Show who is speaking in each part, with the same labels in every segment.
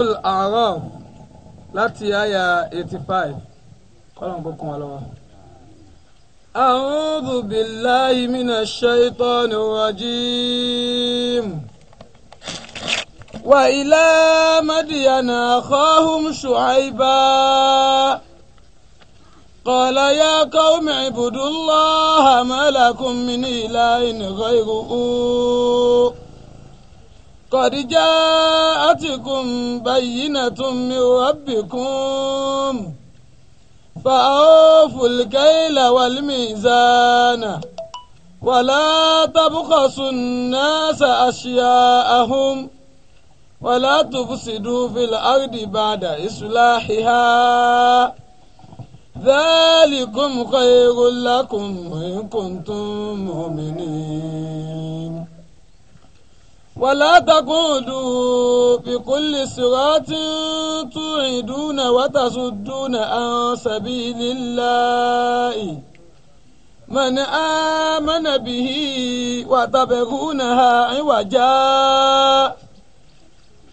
Speaker 1: suratul A'raf láti àyà eighty five kọ́lọ́n bó kún wa lọ́wọ́. A'udhu billahi minash shaitani rajim. وإلى مدين أخاهم شعيبا قال يا قوم اعبدوا الله ما لكم من إله غيره قد جاءتكم بينة من ربكم فأوفوا الكيل والميزان ولا تبخسوا الناس أشياءهم ولا تفسدوا في الأرض بعد إصلاحها ذلكم خير لكم إن كنتم مؤمنين ولا تقعدوا بكل صراط توعدون وتصدون عن سبيل الله من آمن به وتبغونها عوجا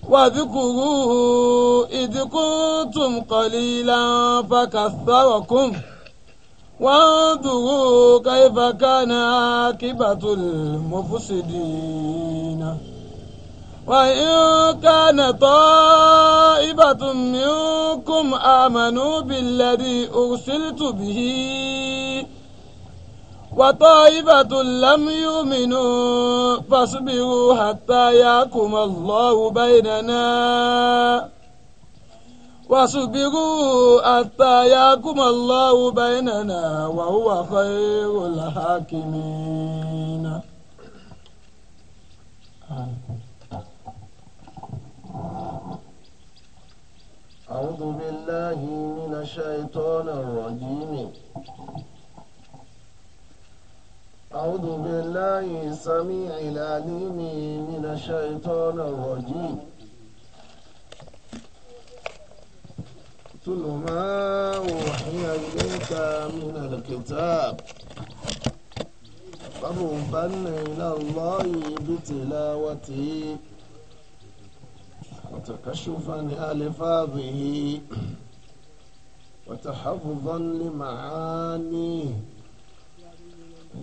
Speaker 1: واذكروا إذ كنتم قليلا فكثركم وانظروا كيف كان عاقبة المفسدين وإن كان طائبة منكم آمنوا بالذي أرسلت به وطائبة لم يؤمنوا فاصبروا حتى يحكم الله بيننا واصبروا حتى يحكم الله بيننا وهو خير الحاكمين. آمين.
Speaker 2: أعوذ بالله من الشيطان الرجيم أعوذ بالله السميع العليم من الشيطان الرجيم اتل ما أوحي إليك من الكتاب فربا إلى الله بتلاوته تكشفا لألفاظه وتحفظا لمعانيه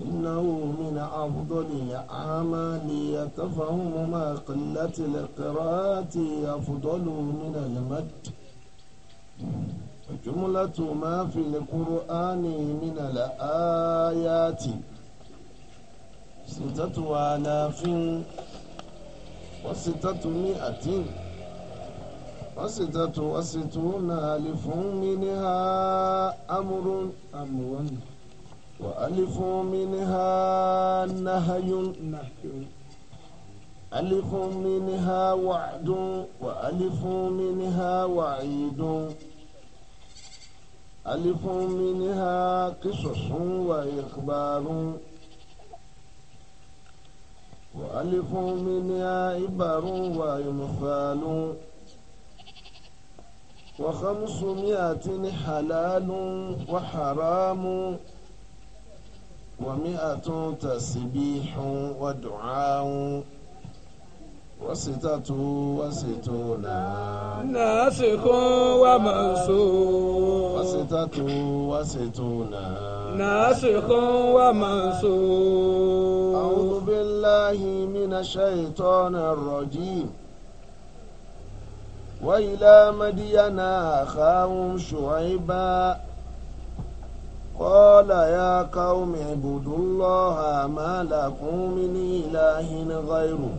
Speaker 2: إنه من أفضل الأعمال يتفهم ما قلة القراءة أفضل من المد جملة ما في القرآن من الآيات ستة آلاف وستة مئة وستة وستون ألف منها أمر أمر وألف منها نهي نهي ألف منها وعد وألف منها وعيد ألف منها قصص وإخبار وألف منها إبر وإمثال وخمس مئة حلال وحرام ومئة تسبيح ودعاء وستة وستون
Speaker 1: ناسخ ومنسوخ وستة وستون ناسخ ومنسوخ أعوذ
Speaker 2: بالله من الشيطان الرجيم وإلى مدين أخاهم شعيبا قال يا قوم اعبدوا الله ما لكم من إله غيره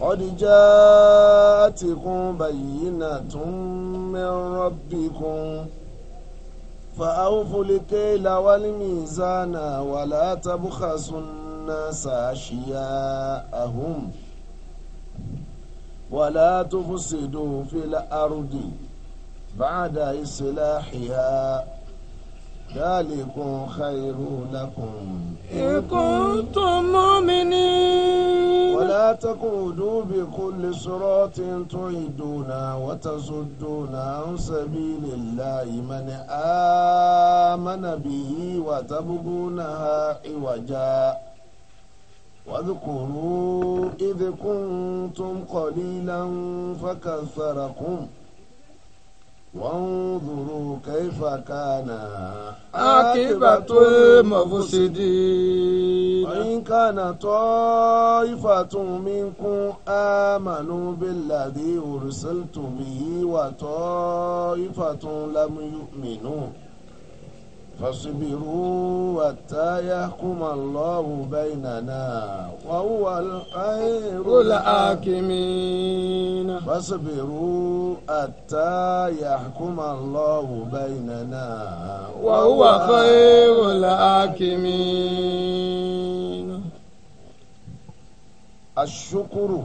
Speaker 2: قد جاءتكم بينة من ربكم فأوفوا الكيل والميزان ولا تبخسوا الناس أشياءهم ولا تفسدوا في الأرض بعد إصلاحها ذلكم خير لكم إن كنتم مؤمنين ولا تقعدوا بكل صراط تعيدون وتصدون عن سبيل الله من آمن به وتبغونها عوجا واذكروا إذ كنتم قليلا فكثركم وانظروا كيف كان
Speaker 1: عاقبة المفسدين وإن
Speaker 2: كان طائفة منكم آمنوا بالذي أرسلت به وطائفة لم يؤمنوا فاصبروا حتى يحكم الله بيننا وهو الخير الحاكمين فاصبروا حتى يحكم الله بيننا
Speaker 1: وهو خير الحاكمين الشكر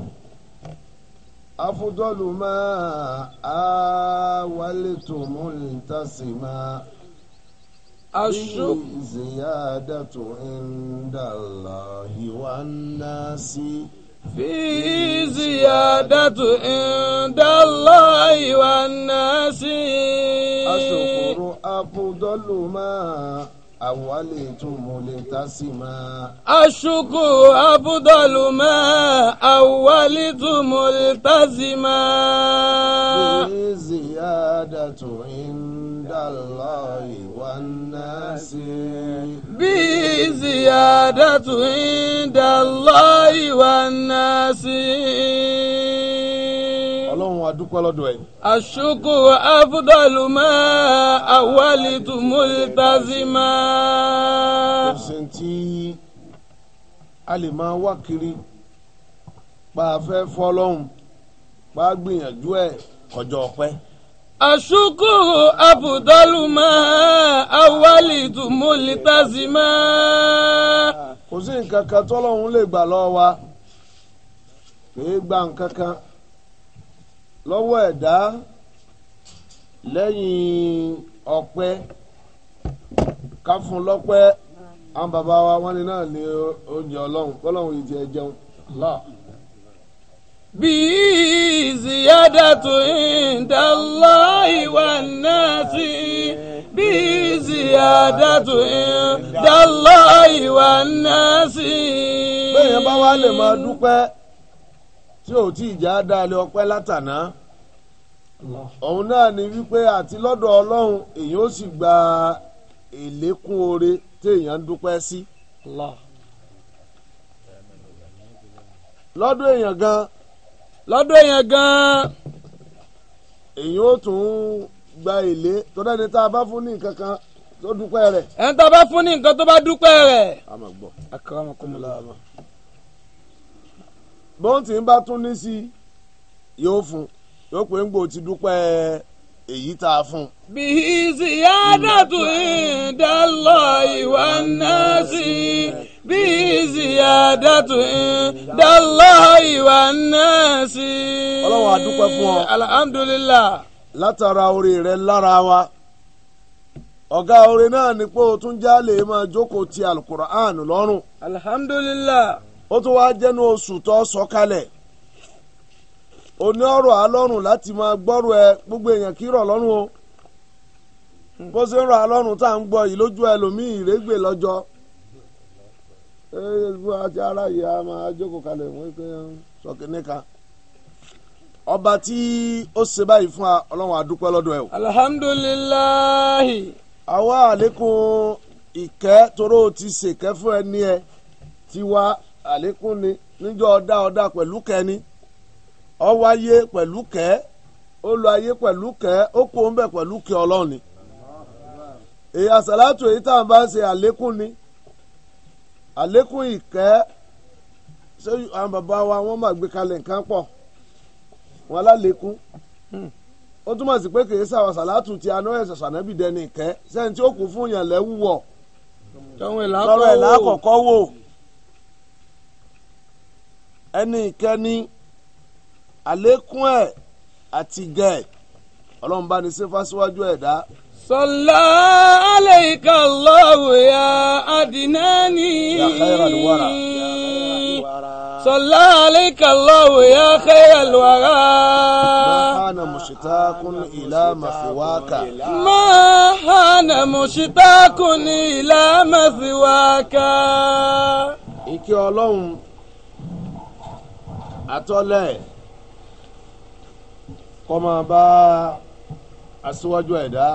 Speaker 2: أفضل ما أولتم التسما الشكر زيادة عند الله
Speaker 1: والناس في زيادة عند الله والناس الشكر أفضل
Speaker 2: ما أوليتم لتسما
Speaker 1: الشكر أفضل ما أوليتم لتسما زيادة عند
Speaker 2: الله
Speaker 1: والناس بزيادة عند الله والناس dúpẹ́ lọ́dọ̀ ẹ̀. àṣùkùrù afúdàlù máa àwálì tùmúlì tazima. ẹ̀sìn tí
Speaker 2: a lè máa wá kiri pa afẹ́ fọlọ́hún pa
Speaker 1: gbìyànjú ẹ̀ kọjọ ọpẹ́. àṣùkùrù afúdàlù máa àwálì tazima. kò sí nǹkan kan
Speaker 2: tọ́lọ́hún lè gbà lọ́wọ́ wa kì í gba nǹkan lọ́wọ́ ẹ̀dá lẹ́yìn ọpẹ́ ká fún lọ́pẹ́ àwọn bàbá wa wọ́n ní náà ní oúnjẹ ọlọ́run
Speaker 1: kọ́lọ́run yìí ti jẹun lá. bí ziyadatu indallahi wan nasi bí ziyadatu indallahi wan nasi.
Speaker 2: bẹ́ẹ̀ yẹn bá lè máa dúpẹ́. tí ò tí ìjà dáalé ọpẹ́ látàná òun náà ni wípé àti lọ́dọ̀ ọlọ́run èyàn ó sì gba èlékún oore téèyàn ń dúpẹ́ sí. lọ́dọ̀ èèyàn gan lọ́dọ̀ gan èyàn ó tún gba èlé tó tá a bá ní nǹkan kan
Speaker 1: tó dúpẹ́ rẹ̀. bá fún ní nǹkan
Speaker 2: tó bá dúpẹ́ bóńtì ń bá tún ní sí yóò fún yóò pé ń gbò ti dúpẹ́ èyí tá a fún.
Speaker 1: bí ziyadatu indallah ìwà náà sí bí ziyadatu indallah ìwà náà sí. ọlọ́wọ́ a
Speaker 2: fún ọ. alhamdulilah. látara orí rẹ lára wa ọ̀gá orin náà ni pé o tún já máa jókòó ti alukur'an lọ́rùn.
Speaker 1: alhamdulilah
Speaker 2: ó tún wá jẹ́nu oṣù tó sọ̀kalẹ̀ o ni ọ̀rọ̀ alọ́rùn láti máa gbọrọ ẹ gbogbo èèyàn kí rọ̀ lọ́rùn o bó ṣe ń rọ̀ alọ́rùn tá à ń gbọ́ yìí lójú ẹlòmíì ìrégbè lọ́jọ́ àti ara yìí a máa jókòó kalẹ̀ wọ́n pé ọba tí ó ṣe báyìí fún ọlọ́run àdúpẹ́ lọ́dọ̀ o. alihamdulilayi. àwa àlékún ìkẹ́ toró ti ṣèkẹ́ àlékún ni níjọ́ ọdá ọ̀dá pẹ̀lú kẹni pẹ̀lú kẹ́ ayé pẹ̀lú kẹ́ ó kó ń bẹ̀ pẹ̀lú kẹ́ ni. èyí èyí tá à ń bá ń ṣe àlékún ni àlékún ìkẹ́ ṣé àwọn bàbá wa wọ́n máa gbé kalẹ̀ nǹkan pọ̀ wọn alálékún ó túmọ̀ sí pé kìí sáwọn ẹ̀sẹ̀ ìkẹ́ tí ó fún yàn lẹ́wù wọ̀
Speaker 1: lọ́rọ̀
Speaker 2: ẹni ìkẹni àlékún ẹ̀ àti gẹ̀ ẹ̀ ọlọ́run bá ní sífà síwájú ẹ̀dá. sọlá
Speaker 1: aleika Allahu ya adinani. ya khairal wara. sọlá aleika Allahu ya khairal wara. mahana
Speaker 2: mushtakun ila mafiwaka.
Speaker 1: mahana mushtakun ila mafiwaka. ike
Speaker 2: ọlọ́run àtọ́lẹ̀ kó máa bá aṣíwájú ẹ̀dá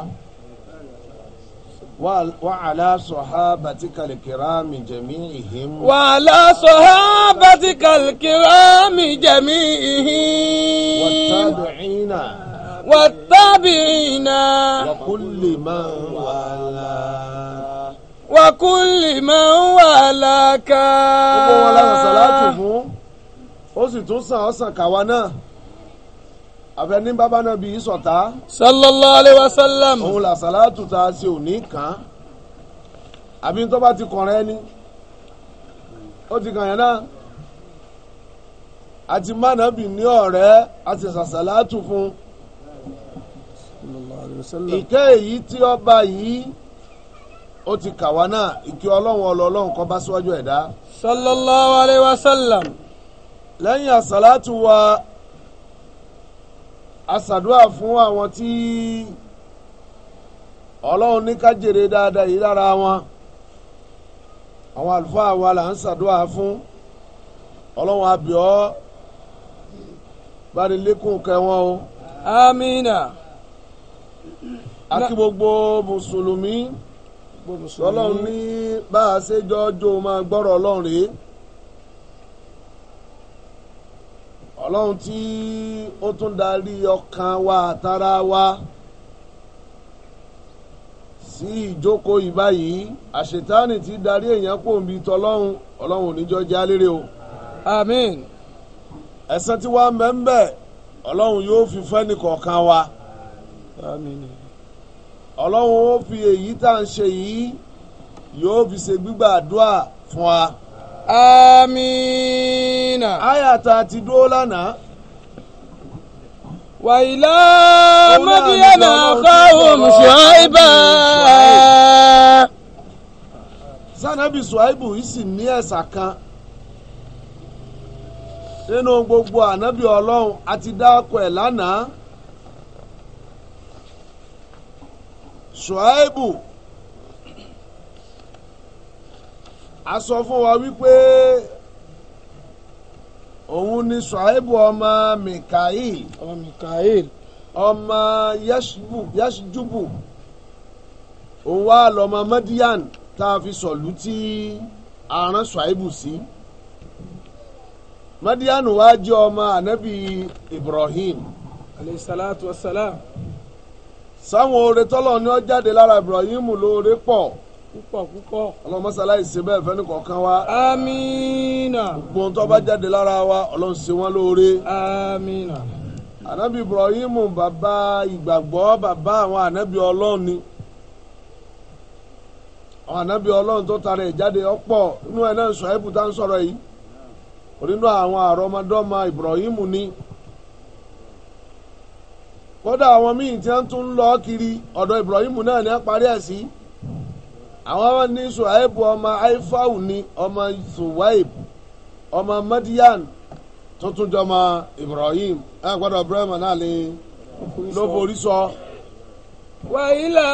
Speaker 2: wàhálà sọ̀hábàtìkà kìrámì jẹ̀mí ìhìn. wàhálà
Speaker 1: sọ̀hábàtìkà kìrámì jẹ̀mí ìhìn. wàtàbíìnà. wàtàbíìnà. wàkúlì máa ń wàhálà. wàkúlì máa ń wàhálà ká. gbogbo
Speaker 2: wọn lára sàlátù fún ó sì tún sàn ọ́ sàn kàwa náà àfẹní bàbá náà bíi sọ̀tá. sallallahu alayhi wa sallam. òun là sàlátù tá a ṣe òní kàn án àbí tó ti kàn rẹ ni ó ti kàn yẹn náà àti mánàbì ní ọ̀rẹ́ àti sàsàlátù fún ìkẹ́ èyí tí ọba yìí ó ti kà náà ìkẹ́ ọlọ́run ọlọ́run kọ́ bá síwájú ẹ̀dá.
Speaker 1: sallallahu
Speaker 2: alayhi wa sallam lẹ́yìn àsàlátù wa àsàdúà fún àwọn tí ọlọ́run ní ká jèrè dáadáa yìí lára wọn àwọn àlùfáà wa là ń sàdúà fún ọlọ́run àbíọ́ bá ní lékún kẹ́ wọn o. amina. akí gbogbo mùsùlùmí ọlọ́run ní bá a ṣe jọ́jọ́ máa gbọ́rọ̀ ọlọ́run rèé. ọlọ́run tí ó tún darí ọkàn wa àtara wa sí ìjókòó ìbáyìí àṣetánì tí darí èèyàn pò ń bi tọlọ́run ọlọ́run oníjọ́ já lérè o. àmín. ẹ̀san tí wàá mẹ́ńbẹ́ ọlọ́run yóò fi fẹ́ni kọ̀ọ̀kan wa. àmín. ọlọ́run ó fi èyí tá à ń ṣe yìí yóò fi ṣe gbígbà àdúrà fún wa. Amen Amina àyà tá a ti Waila lánàá. na mọ́díyànà fáwọn ṣùáìbà. sanabi suhaibu isi sì kan nínú gbogbo ànábì ọlọ́run àti dákọ̀ ẹ̀ lánàá. Shu'aibu. a sọ fún wa wípé òun ni Ṣuaibu ọmọ Mikail ọmọ Mikail ọmọ Yasjubu òun wá lọmọ Madian tá a fi sọ̀lú tí a rán Ṣuaibu sí Madian wá jẹ́ ọmọ anabi Ibrahim alayhi salatu wa salam sáwọn oore tọ́lọ̀ ni ó jáde lára Ibrahim lóore pọ̀. púpọ̀ púpọ̀. ọlọmọsálá ìṣe bẹ́ẹ̀ fẹ́ni kọ̀ọ̀kan wa. tó bá jáde lára wa ọlọ́run ṣe lóore. amiina. anabi ibrahim bàbá ìgbàgbọ́ bàbá àwọn anabi ọlọ́run ni àwọn anabi ọlọ́run jáde ọ̀pọ̀ inú ẹ̀ náà sọ ń sọ̀rọ̀ yìí onínú ibrahim ni kódà àwọn míì tí wọ́n kiri ọ̀dọ̀ ibrahim náà ni wọ́n àwọn ní suhaib ọmọ aifau ní ọmọ suhaib ọmọ madian tuntun jọmọ ibrahim ẹ gbọ́dọ̀ ibrahim náà ni
Speaker 1: ló forí sọ. وإلى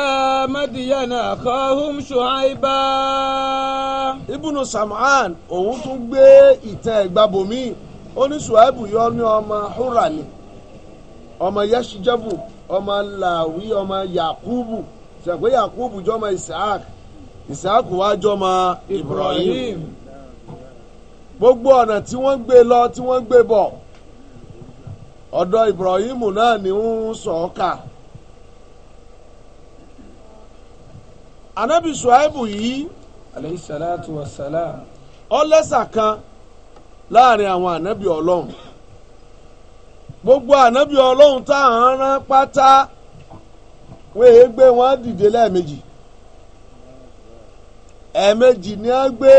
Speaker 1: مدين أخاهم شعيبا Ibnu Sam'an òun tún gbé
Speaker 2: ìtàn ìgbàbòmí ó ní Ṣuaibu yọ ní ọmọ Húrà ni ọmọ Yashijabu ọmọ Làwí ọmọ Yakubu ṣàpé Yakubu jọmọ Isaac ìsáàkù wá jọmọ Ibrahim gbogbo ọ̀nà tí wọ́n gbé lọ tí wọ́n gbé bọ̀ ọ̀dọ̀ Ibrahim náà ni ń sọ̀ọ́kà anabi Suhaibu yìí aleyhi salatu wa salam ó lẹ́sà kan láàrin àwọn anabi ọlọ́run gbogbo anabi ọlọ́run tá à ń rán pátá wọ́n èé gbé wọn dìde lẹ́ẹ̀mejì. ẹ̀ẹ̀mejì ni a gbé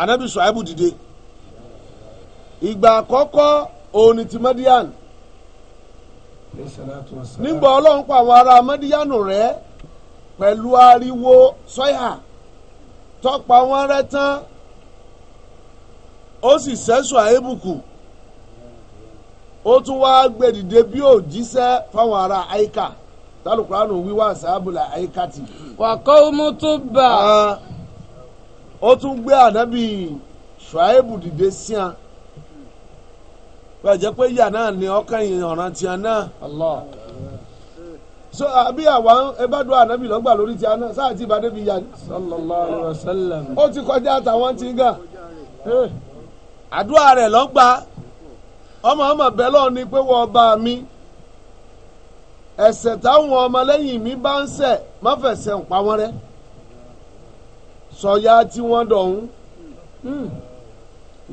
Speaker 2: anabi suhaibu dìde ìgbà àkọ́kọ́ òun nigba ti madian nígbà ọlọ́run àwọn ará madian pẹ̀lú ariwo sọ́yà tọ́pa wọn rẹ́ tán ó sì sẹ́sùn àébùkù ó tún wá gbèdìde bí òjíṣẹ́ fáwọn ará aika. tálùkùránù wíwá sábùlà àyíkàtì. wàkọ́ ọmọ tó bà. Ah, ó tún gbé ànábì ṣùáìbù dìde sí a pẹ̀jẹ́ pé yà náà ni ọkàn yìí ọ̀ràn tiẹ̀ náà. so àbí àwa ẹbádùn ànábì lọ́gbà lórí tiẹ̀ náà sáà tí ìbàdàn fi yà ní. ó ti kọjá àtàwọn ń gà. Eh, àdúrà rẹ̀ lọ́gbà ọmọ ọmọ bẹ́ẹ̀ mi. ẹ̀ṣẹ̀ táwọn ọmọlẹ́yìn mi bá ń ṣẹ̀ má fẹ̀sẹ̀ ń pa wọ́n rẹ́ sọ̀yà tí wọ́n dọ̀hún hmm.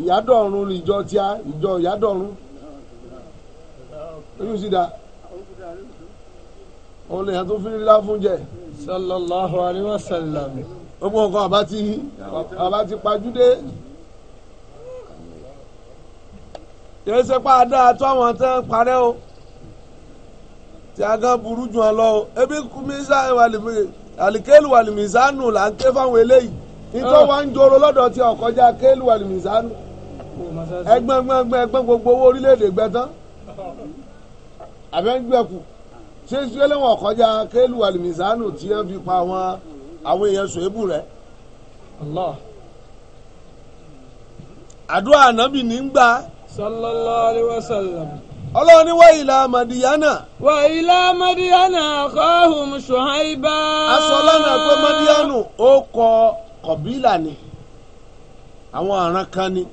Speaker 2: ìyádọ̀run ìjọ tíá ìjọ ìyádọ̀run oyún sì dá òun lèyàn tó fi ńlá fún jẹ. sallallahu alayhi wa sallam. gbogbo nǹkan àbá ti àbá ti pajúdé. yẹ́n ṣe pa àdáa tó àwọn tán parẹ́ o tí a kan burú jù ọ lọ o ebi mísà àlìkéèlù àlìmísánù là ń ké fáwọn eléyìí nítorí ah. wọn ń joro lọ́dọ̀ tí ọ̀kọ́jà kéèlù àlìmísánù ẹgbẹ́ gbẹ́ngbẹ́ ẹgbẹ́ gbogbo owó orílẹ̀-èdè gbẹ tán àbẹ́ngbẹ́kù ṣé ṣẹlẹ̀wọ̀n ọ̀kọ́jà kéèlù àlìmísánù tí wọ́n fi pa àwọn àwọn èèyàn ṣòébù rẹ̀.
Speaker 1: àdúrà ànábì ní ń gbà. sallallahu alayhi wa sallam ọlọ́run ni wa ila madiana wa ila madiana akhahum shuaiba. aṣọ lánàá pé madiyanu
Speaker 2: ó kọ kọ̀bílà ni àwọn àràn kan ni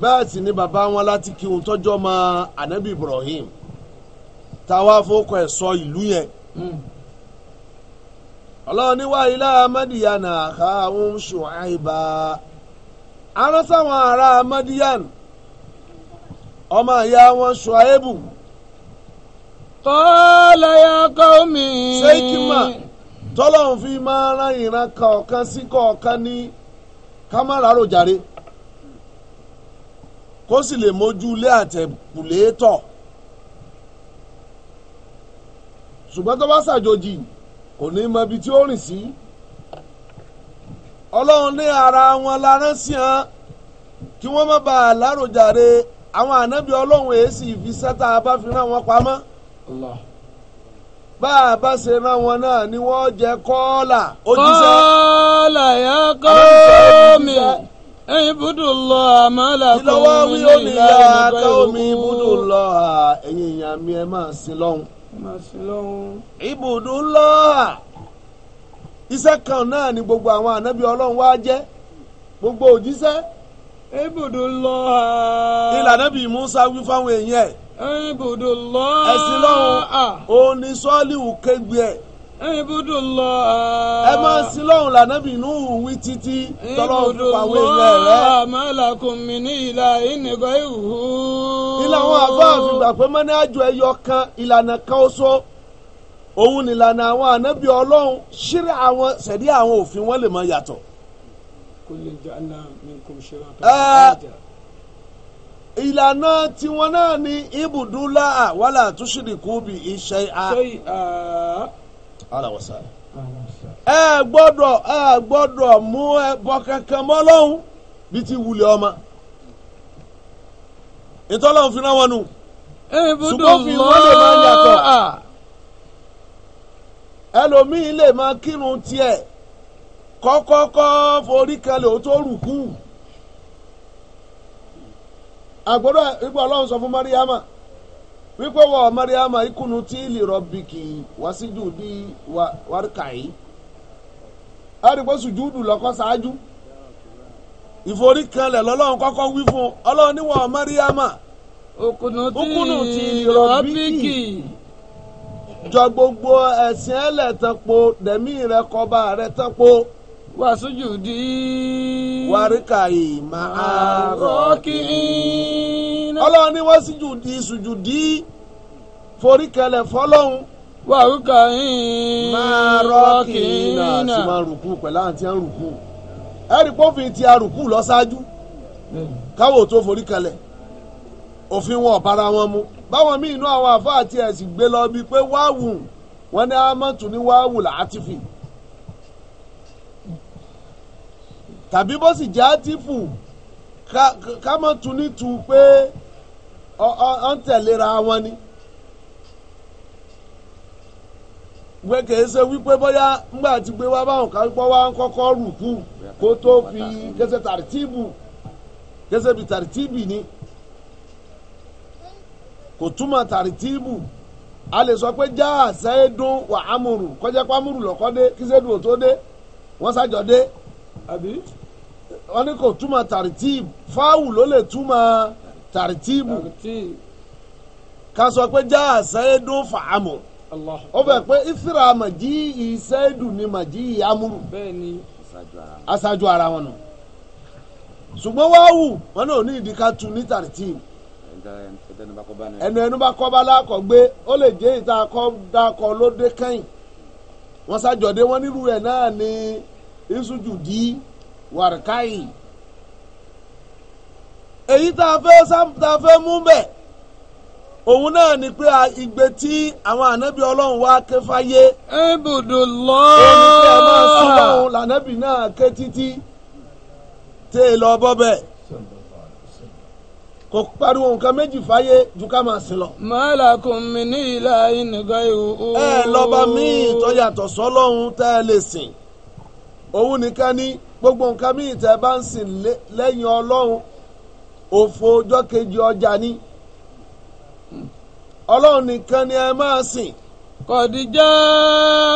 Speaker 2: bẹ́ẹ̀ sì ni bàbá wọn láti kí wọn tọ́jọ́ ma anabi ibrahim táwa fọkọ ẹ̀ sọ ìlú yẹn. Hmm. ọlọ́run ní wa ila madiana akhahum shuaiba. aránsá àwọn ará madiyana ọmọ ìyá wọn ṣùáìbù. kọ́lá ya kọ́ mi. ṣéèkìmà tọ́lọ́hún fi máa rán ìran kọ̀ọ̀kan sí kọ̀ọ̀kan ní kámárà rojàre kó sì lè mójú ilé àtẹ̀kùlé tọ̀ ṣùgbọ́n tó bá ṣàjòjì kò ní mọ ibi tí ó rìn sí ọlọ́run ní ara wọn la rán sí hàn kí wọ́n má bàa láròjàre àwọn ànábì ọlọ́run èsì ìfisẹ́ tá a bá fi rán wọn pamọ́ bá a bá ṣe rán wọn náà ni wọ́n jẹ kọ́ọ̀là òjíṣẹ́. kọ́ọ̀là yá kọ́ mi ibùdó lọ àmàlà kò mí ní ìlà ìgbà omi lọ ẹ̀yin èèyàn mi ẹ máa sin lọ́hùn. ibùdó lọ iṣẹ́ kan náà ni gbogbo àwọn ànábì ọlọ́run wá jẹ́ gbogbo òjíṣẹ́ ibùdó lọ. ìlànà bíi Musa wí fáwọn èèyàn ẹ̀. ibùdó lọ. ẹ̀sìn lọ́hùn ah. òní sọ́ọ́lìwù kégbé ẹ̀ ibùdó lọ. ẹ máa sin lọ́hùn lànàbì inú wí títí tọ́lọ́ fàwé ilẹ̀ rẹ. ibùdó lọ mọ́làkùn mi ní ìlà ìnìkan ìhù. ilé àwọn àbá àfìgbà pé mọ́ni àjọ ẹyọ kan ìlànà kan oṣó òun nìlànà àwọn ànábì ọlọ́run ṣírí àwọn ṣẹ̀dí àwọn òfin wọn lè máa yàtọ̀ ìlànà tiwọn náà ni ibùdúlá wàlà túṣìdìkú bí iṣẹ́ a. ẹ gbọ́dọ̀ ẹ gbọ́dọ̀ mú ẹbọ kankan mọ́ lọ́hùn bí ti wulẹ̀ ọmọ. ìtọ́lọ́hún fi rán wọn nù.
Speaker 1: ṣùgbọ́n fi wọ́n lè máa yàtọ̀.
Speaker 2: ẹlòmíín lè máa kírun tiẹ̀. kọ́kọ́kọ́ forí kẹlẹ̀ ó tó rùkú àgbọ̀dọ̀ ipò ọlọ́run sọ fún mariama wípé wọ mariama ikunu tí ìlì rọ̀bìkì wá sí jùdí wárkàí àdìgbò sùjúdù lọ́kọ́ ṣáájú ìforí kẹlẹ̀ lọ́lọ́run kọ́kọ́ wí fún ọlọ́run mariama okunu tí jọ gbogbo ẹ̀sìn po dẹ̀mí rẹ kọba rẹ tán wasujudi. warikari maa rọkìn. ọlọ́run ni wọ́n sujudi sujudi foríkẹlẹ̀ fọlọ́hún. warikari maa rọkìn. náà sì máa rùkú pẹ̀lú àǹtí à ń rùkú. ẹ̀rí pọ́fì ti a rùkú lọ ṣáájú káwọ́ tó foríkẹlẹ̀ òfin wọn ọ̀bára wọn mu báwọn míì inú àwọn àfáà àti ẹ̀sìn gbé lọ bíi pé wáwù wọn ní amọ̀tún ní wáwù làátìfì. tàbí bó sì jẹ́ átífù ká mọ̀ tún nítu pé ọ ń tẹ̀lera wọn ni. pé ṣe wípé bóyá ńgbà tí gbé wá báwọn kan pọ́ wá ń kọ́kọ́ kó tó fi kése tàrìtìbù kése bi tàrtíìbì ni kò túmọ̀ tàrìtìbù a lè sọ pé já àṣẹ́dún kọjá pàmùrù kí sẹ́dùn wọ́n ní kò túmọ̀ tàrítìbù fáwù ló lè túmọ̀ tàrítìbù ká sọ pé já àṣẹ́dún fàámù ó bẹ̀ pé ìfìrà màjí ìṣẹ́dùn ni màjí ìyámúrù aṣáájú ara wọn nù ṣùgbọ́n wáwù wọn náà ní ìdí ká tu ní tàrítìbù ẹnu ẹnu bá kọ́ bá lákọ̀ gbé ó lè jẹ́ ìta kọ́ dákọ̀ lóde kẹ́yìn wọ́n ṣàjọ̀dé wọn nílùú ẹ̀ náà ní ìṣújù dí wàrkáì èyí tá a fẹ́ tá a fẹ́ mú bẹ̀ òun náà ni pé ìgbé tí àwọn ànábì ọlọ́run wá ké fáyé. ibùdó lọ. èmi tí a máa sọ lọ́hùn lànábì náà ké títí tẹ́ ẹ lọ bọ́ bẹ́ẹ̀ kò pariwo nǹkan méjì fáyé ju ká máa sìn lọ. malakum min ilahin ghayruhu. ẹ lọ́ba míì tó yàtọ̀ sọ́lọ́hún tẹ́ ẹ lè sìn òun nìkan ni gbogbo nǹkan míì tẹ́ bá ń sìn lẹ́yìn ọlọ́run òfò ọjọ́ kejì ọjà ni
Speaker 1: ọlọ́run nìkan ni ẹ máa sìn. kọ̀díjà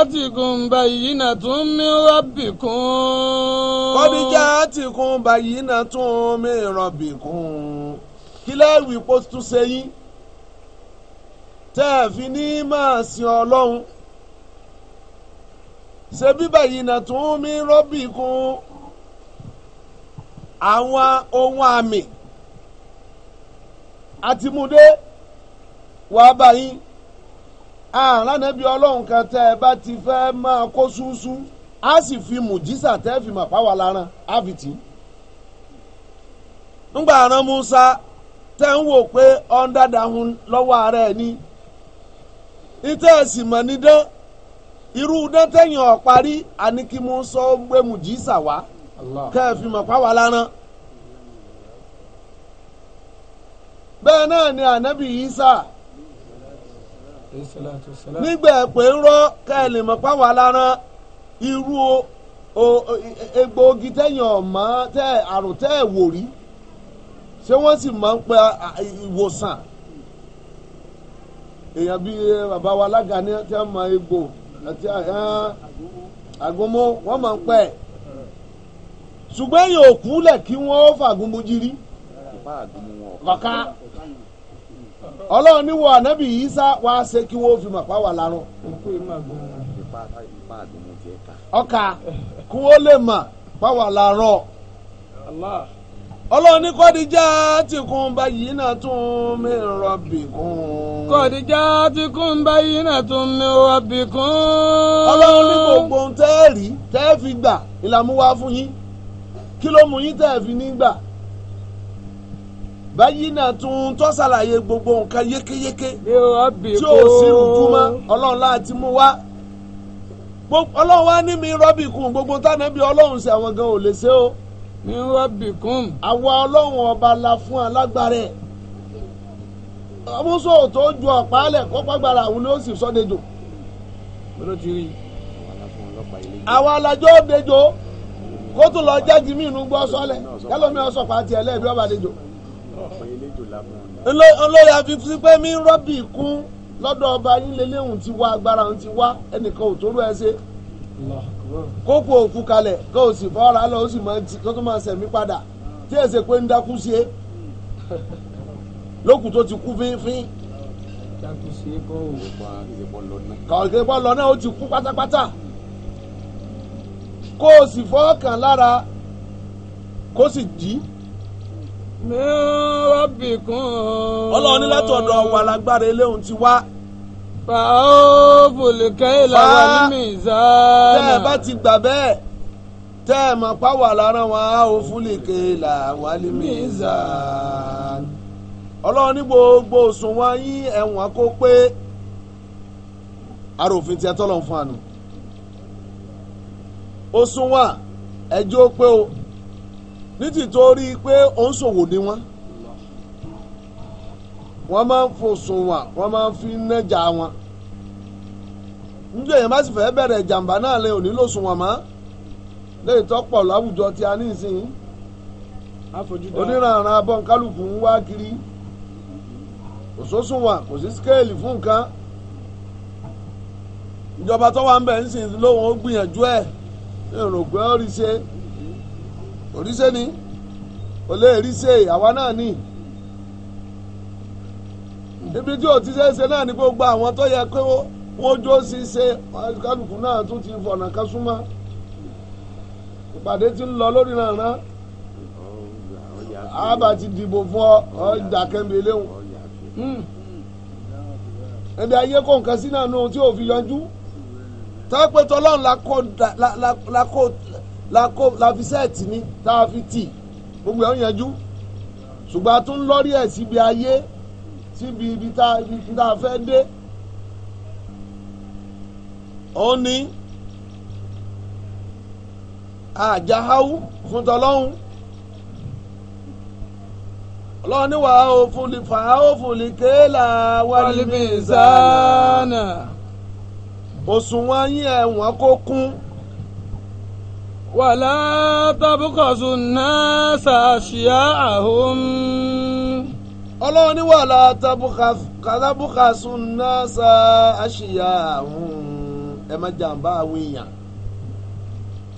Speaker 1: àtìkùn báyìí nà tún mí rọ́bì kún. kọ̀díjà àtìkùn
Speaker 2: báyìí nà tún mí rọ́bì kún. kílẹ̀ ìwé pósítù ṣe yín tẹ́ fi ní máa sìn ọlọ́run ṣe bíbẹ̀ yìí nà tún mí rọ́bì kún àwọn ohun àmì àtìmúdé wàá báyìí àránàbí ọlọ́run kan tẹ́ ẹ bá ti fẹ́ máa kó súnsún á sì fi mùjísà tẹ́ fi mà fáwọn aláran áfìtì ńgbà àrán Musa tẹ́ ń wò pé ọ̀ndàdàhùn lọ́wọ́ ara ẹ̀ ní ìtẹ́ ẹ̀sìn mọ̀ nídán. irú dẹ́tẹ̀yìn ọ̀parí àníkímú sọ gbẹmú jísà wá kẹ́ẹ̀fì mọ̀ pàwọ́ láràn. bẹ́ẹ̀ náà ni ànábì Ìsá nígbà ẹ̀pẹ́ ń rọ́ kẹ́ẹ̀lì mọ̀ pàwọ́ láràn irú egbòogi tẹ̀yìn ọ̀mọ́ tẹ́ àrùn tẹ́ ṣé wọ́n sì máa ń pe ìwòsàn èèyàn bíi eh, bàbá wa alága ni máa àti àgúnmú wọ́n máa ń pẹ́ ẹ̀ ṣùgbọ́n èèyàn ò kúnlẹ̀ kí wọ́n fàgúnmú jírí kọ̀ká ọlọ́run níwọ̀ ànábì wá ṣe kí wọ́n fi màpá wà ọkà kí wọ́n lè
Speaker 1: ọlọ́run ní kọ́díjà tí kún bá yìí náà tún mi rọ̀bì kún. kọ́díjà tí kún bá yìí náà tún mi rọ̀bì kún.
Speaker 2: ọlọ́run ní gbogbo ohun tẹ́ ẹ rí tẹ́ ẹ fi gbà ìlàmú wá fún yín kí ló mú yín tẹ́ ẹ fi ní gbà. báyìí náà tún tó ṣàlàyé gbogbo nǹkan yékéyéké tí ò sí rújú mọ́ ọlọ́run láti mú wá. ọlọ́run wá ní mi rọ̀bì kún gbogbo tánàbí ọlọ́run sí àwọn gan ò lè ṣe o min rabbikum. àwa ọlọ́run ọba la fún alágbára ẹ̀ ọmọọsọ tó ju ọ̀pá alẹ̀ kọ́pá gbára àwọn ló sì sọ́dẹ̀jọ. ló ti rí àwa alájọ́ dẹjọ kó tó lọ jáde mí inú gbọ́ sọ́lẹ̀ kẹlẹ́ mi ọ̀sọ̀ pàtì ẹ̀ lẹ́ẹ̀bí ọba dẹjọ. olórí àfihàn pé mi rọ́bì kún lọ́dọ̀ ọba yín lélẹ́hùn ti wá agbára ń ti wá ẹnìkan ò tó ṣe kókó òkú kalẹ̀ kó o sì fọ́ra lọ ó sì máa ti kó tó máa sẹ̀mí padà tí èsè pé ń dákú sí e lókù tó ti kú fínfín. dákú sí e kọ́ ò pa ìdìbọn lọ náà. kọ̀ọ̀kẹ́bọ̀ lọ náà ó ti kú pátápátá kó o sì fọ́ọ̀kàn lára kó sì jí. mi ò rọ́bì kan. ọlọ́run látọ̀dọ̀ wà eléhùn ti wá. fàáfù lìkẹ́ ìlànà mízánà. tẹ́ ẹ bá ti gbà bẹ́ẹ̀ tẹ́ ẹ mọ̀ páwà lára wọn á ò fún lìkẹ́ ìlànà mízánà. ọlọ́run ní gbogbo òṣùwọ̀n yín ẹ̀wọ̀n kó pé ara òfin tí a tọ́ lọ́n fún àná. òṣùwọ̀n ẹjọ́ pé o ní tìtorí pé òun ṣòwò ni wọ́n wọ́n máa ń fòsùn wà wọ́n máa ń fi nájà wọn níjọ́ èèyàn bá sì fẹ́ bẹ̀rẹ̀ ìjàmbá náà lè òní lò sùn wọ̀n mọ́ léyìí tọ́pọ̀ láwùjọ tí a ní ìsìn oníranran abọ́nkálùkù ń wá kiri kò sósùn wà kò sí skéèlì fún nǹkan ìjọba tó wà ń bẹ̀ ń sìn lóhùn ó gbìyànjú ẹ̀ èrò pé ó ni kò lè rí àwa náà nìyí ibi tí o ti ṣe é ṣe náà ni gbogbo àwọn tó yẹ pé wọ́n jó sí ṣe kálukú náà tún ti fọ̀nà kan súnmọ́ ìpàdé ti ń lọ lórí náà rán àbá ti dìbò fún ọ ọjà kẹ́mi eléwọ̀n hmm. ẹbí ayé kó nǹkan sí náà nù tí ò fi yanjú tápẹ́tọ́ ọlọ́run la la la la fi sẹ́ẹ̀tì ni tá a fi tì gbogbo ẹ̀ ń yanjú ṣùgbọ́n a tún lọ́rí ẹ̀ síbi ayé síbi ibi tá a fẹ́ dé òun ni àjáháwú fún tọlọ́hún ọlọ́run ní wàá o fún lè kéèlà wálímì òṣùwọ̀n yín
Speaker 1: ẹ̀wọ̀n kó kún. wàlá tábùkọ̀sùn náà ṣàṣìyà àhóhùn ọlọ́run ní wàhálà
Speaker 2: kàdábùkàsùn náà sa àṣìyà àwọn ẹ má jàǹbá àwọn èèyàn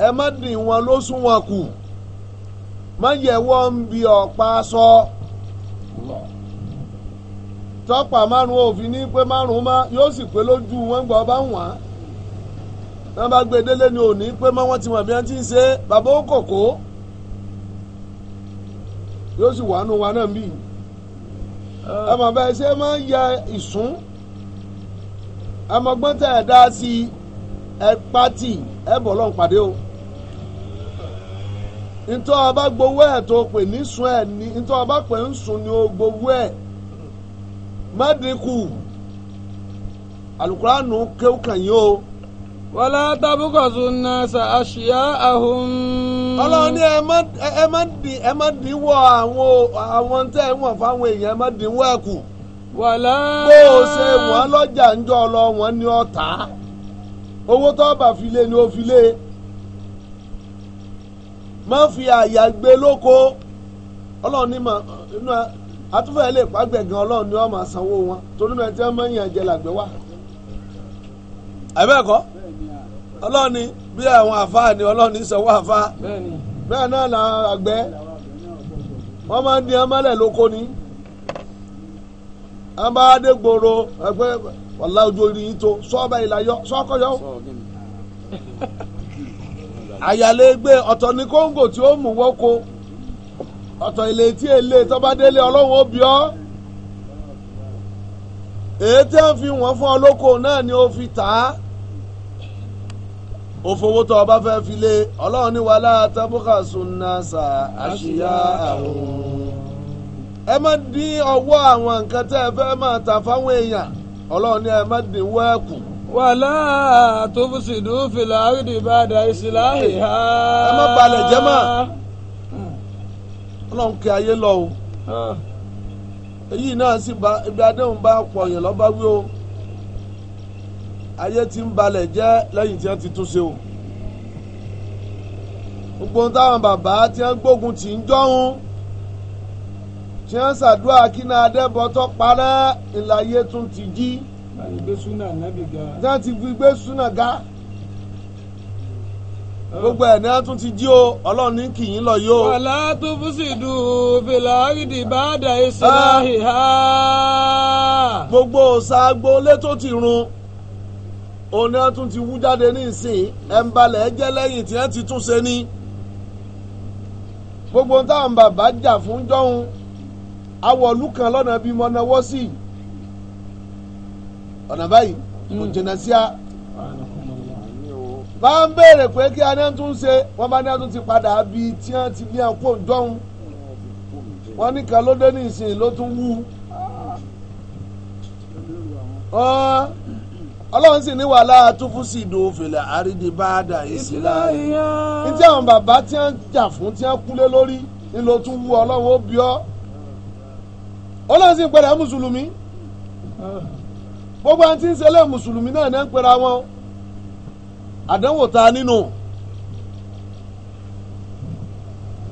Speaker 2: ẹ má dìn wọn ló sún wọn kù má yẹ wọ́n ń bi ọ̀pá sọ tọ́pà márùn-ún òfin ní pé márùn má yóò sì pé lójú wọn gbọ́ bá wọ́n wọ́n bá gbé délé ni òní pé mọ́ wọ́n ti mọ̀ bí wọ́n ti ń ṣe bàbá ó yóò sì wà nù wa náà bíi. ẹmọ bẹ́ẹ̀ ṣe máa ń yẹ ìsún ẹmọgbọ́n tẹ̀ ẹ̀ dá sí ẹ pátì ẹ bọ̀ lọ́n pàdé o ntọ́ ọba gbowó ẹ̀ tó pè ní sùn ẹ̀ ní ntọ́ ọba pè ń sùn ní o gbowó ẹ̀ mẹ́dínkù alukura nù kéwù kàn yín o. wala tabukazu nasa aṣíá ahun. ọlọ́run ẹ má dín ẹ má wọ àwọn àwọn tẹ́ ẹ wọ̀n fáwọn èèyàn ẹ má wọ o ṣe wọ́n lọ́jà ń jọ lọ owó tó bá fi ni o fi má fi àyà gbé lóko ọlọ́run ní lè torí náà ń wá. àbẹ́ẹ̀kọ́. ọlọ́ni bí àwọn àfáà ni ọlọ́ni sanwó àfáà bẹ́ẹ̀ náà làwọn àgbẹ̀ wọ́n máa ń di amálẹ̀ lóko ni amadé gbòòrò ẹgbẹ́ wàlá ojú orí yìí tó sọ́ọ̀bà ìlàyọ sọ́ọ̀kọ́yọ. àyàlégbé ọ̀tọ̀ ní kóńgò tí ó mú wọ́kọ ọ̀tọ̀ ilé tí èlé tọ́bádélé ọlọ́run ó bí ọ́ èyí tí wọ́n fi wọ́n fún ọ lóko náà ni ó fi tà òfowó tó o bá fẹ́ fi lé ọlọ́run ní wàhálà tábùkà sunna sa àṣìyá àwọn. ẹ má dín ọwọ́ àwọn nǹkan tẹ́ ẹ fẹ́ máa tà fáwọn èèyàn ọlọ́run ní ẹ má dín wẹ́ẹ̀kù. wàhálà tó fi sìdú fìlà àrídì bá da ìsìláhì ẹ má balẹ̀ jẹ́ mọ́ ọlọ́run kí ayé lọ o ah. èyí náà sì bá ibi adéhùn bá pọ̀ yẹn lọ́ba wí o ayé ti ń balẹ̀ jẹ́ lẹ́yìn tí wọ́n ti tún ṣe o gbogbo táwọn bàbá tí wọ́n gbógun tì ń jọ́hún tí wọ́n ṣàdúrà kí náà adébọ̀tọ́ parẹ́ ìlàyé tún ti jí tí wọ́n ti fi gbé súnà ga
Speaker 1: gbogbo ẹ̀ ní a tún ti jí o ọlọ́run ní kì í lọ yó. wàlá tó fún sídù fìlà àrídì bá dà ìsìláhì ah. ha.
Speaker 2: gbogbo ṣàgbọ́lé tó ti run òun ni wọ́n tún ti wú jáde ní ìsìn ẹ̀ǹbalẹ̀ jẹ́ lẹ́yìn tí wọ́n ti tún ṣe ní. gbogbo táwọn bàbá jà fún jọ́hún awọ̀lú kan lọ́nà bíi mo náwó sí i ọ̀nà báyìí kò jìnnà sí a. bá ń béèrè pé kí aná tún ṣe wọ́n bá ní wọ́n tún ti padà bí tí wọ́n ti ní àpò jọ́hún wọ́n ní kan ló dé ní ìsìn ló tún wú. ọ̀ọ́ ọlọ́run sì ní wàhálà àtúfúsì ìdò òfèlè àrídì báàdà ìsìlá ní tí àwọn bàbá tí wọ́n jà fún tí wọ́n kúlé lórí ńlọ tún wú ọlọ́run ó bí ọ́ ọlọ́run sì ń pẹ̀lẹ́ mùsùlùmí gbogbo àwọn tí ń ṣẹlẹ̀ mùsùlùmí náà ní ń pẹ̀lẹ́ wọn àdánwò ta nínú. No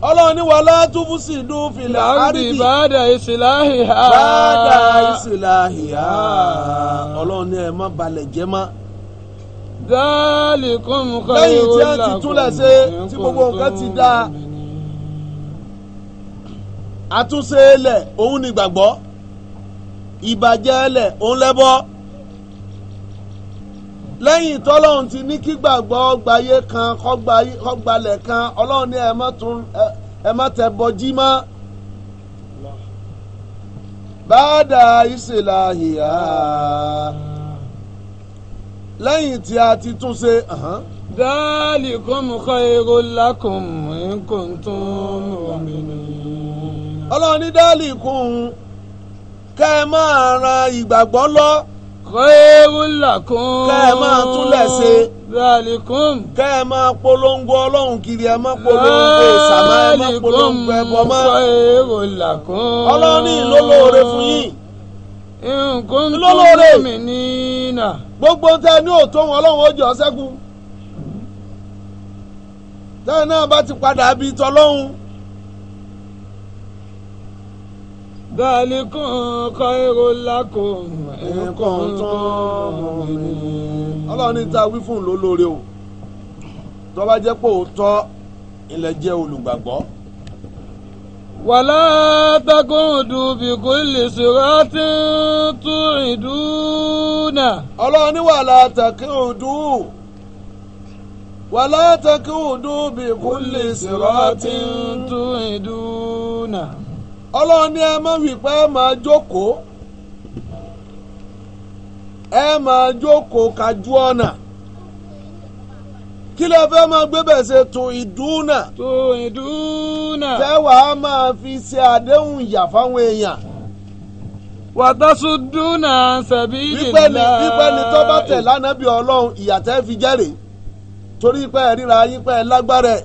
Speaker 2: ọlọ́run ní wàhálà túbú sí ìlú fìlà àrídì bàdà ìsìláhìá bàdà ìsìláhìá ọlọ́run ní ẹ má balẹ̀ jẹ́ má.
Speaker 1: dáàlì kún un kọ́ lẹ́yìn tí a ti túnlẹ̀ ṣe
Speaker 2: tí gbogbo nǹkan ti dáa àtúnṣe lẹ̀ òun ni gbàgbọ́ ìbàjẹ́ lẹ̀ òun lẹ́bọ́ lẹ́yìn tọ́lọ́run ti ní kí gbàgbọ́ gbàyé kan kọ́gbalẹ̀ kan ọlọ́run ní ẹ má tẹ bọjí mọ́. báàdà ìṣèlà ìhà lẹ́yìn tí a ti tún ṣe.
Speaker 1: Uh-huh. dhalikum khairul lakum in kuntum mu'minin. ọlọ́run ní dáàlì kún un kẹ́ ẹ máa
Speaker 2: ran ìgbàgbọ́ lọ. kọ́ẹ́rúlàkún. kẹ́ máa túlẹ̀ polongo ọlọ́run kiri ẹ máa polongo ìsàmá máa polongo ẹbọ mọ́. kọ́ẹ́rúlàkún. ọlọ́run ní ìlólóore fún yín. nǹkan gbogbo tẹ ní ọlọ́run ó jẹ́ sẹ́kù. ti padà dàlíkùn kọ́ìrò lákùn nǹkan tán mi. ní ta wí fún un ló lóore o tó bá jẹ́ pé òótọ́ ilẹ̀ jẹ́ olùgbàgbọ́.
Speaker 1: wàlá takùndùn bìkún lèṣirọ́tì tún ìdúnà. ọlọ́run ní wàlá takùndùn
Speaker 2: wàlá takùndùn bìkún lèṣirọ́tì tún ìdúnà ọlọ́run ní ẹ má wípé ẹ máa jókòó ẹ máa jókòó kájú ọ̀nà kí ló fẹ́ máa gbé bẹ̀ ṣe tó ìdúnà. tó ìdúnà. tẹ́wàá máa fi ṣe àdéhùn ìyà fáwọn èèyàn. wàtásùdúnà sàbílì ńlá. wípé ni tó bá tẹ̀ lánàá bí ọlọ́run ìyà fi jẹ́rìí torí pé ẹ̀ yín pé ẹ lágbára ẹ̀.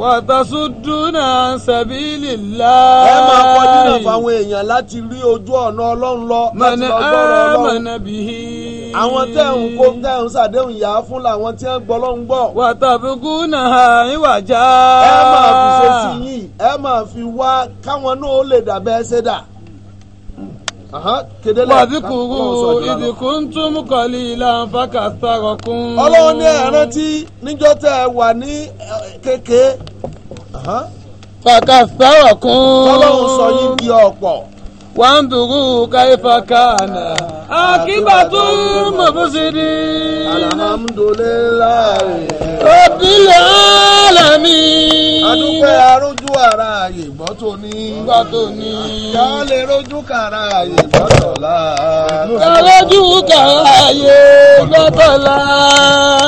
Speaker 1: wàtàsúndúnà sàbílì lá. ẹ máa kọjú náà fáwọn èèyàn láti rí ojú ọ̀nà ọlọ́run lọ láti lọ gbọ́rọ̀ ọlọ́run. mọ̀nà bìí.
Speaker 2: àwọn tẹ́ ń kó tẹ́ ń ṣàdéhùn yá fún làwọn tí wọ́n gbọ́ lọ́hún gbọ́. wàtàbùkù náà ìwà já. ẹ máa fi ṣe sí yín ẹ máa fi wá káwọn náà ó lè dàbẹ́
Speaker 1: ṣe dà. wàdíkùrú ìdìkúntún kọ̀lì ìlànà fàkàtàrọ̀kún. ọlọ́run ní ẹ̀rántí níjọ́ tẹ́ ẹ wà ní kékeré. ọlọ́run sọ yín di ọ̀pọ̀. وانظروا كيف كان عاقبة المفسدين الحمد لله رب
Speaker 2: العالمين. adúpẹ́ arójú ara ààyè gbọ́ tó ní. gbọ́ tó ní. ká lè rojú kàrà ààyè gbọ́ tọ̀la. ká lójú kàrà ààyè gbọ́ tọ̀la.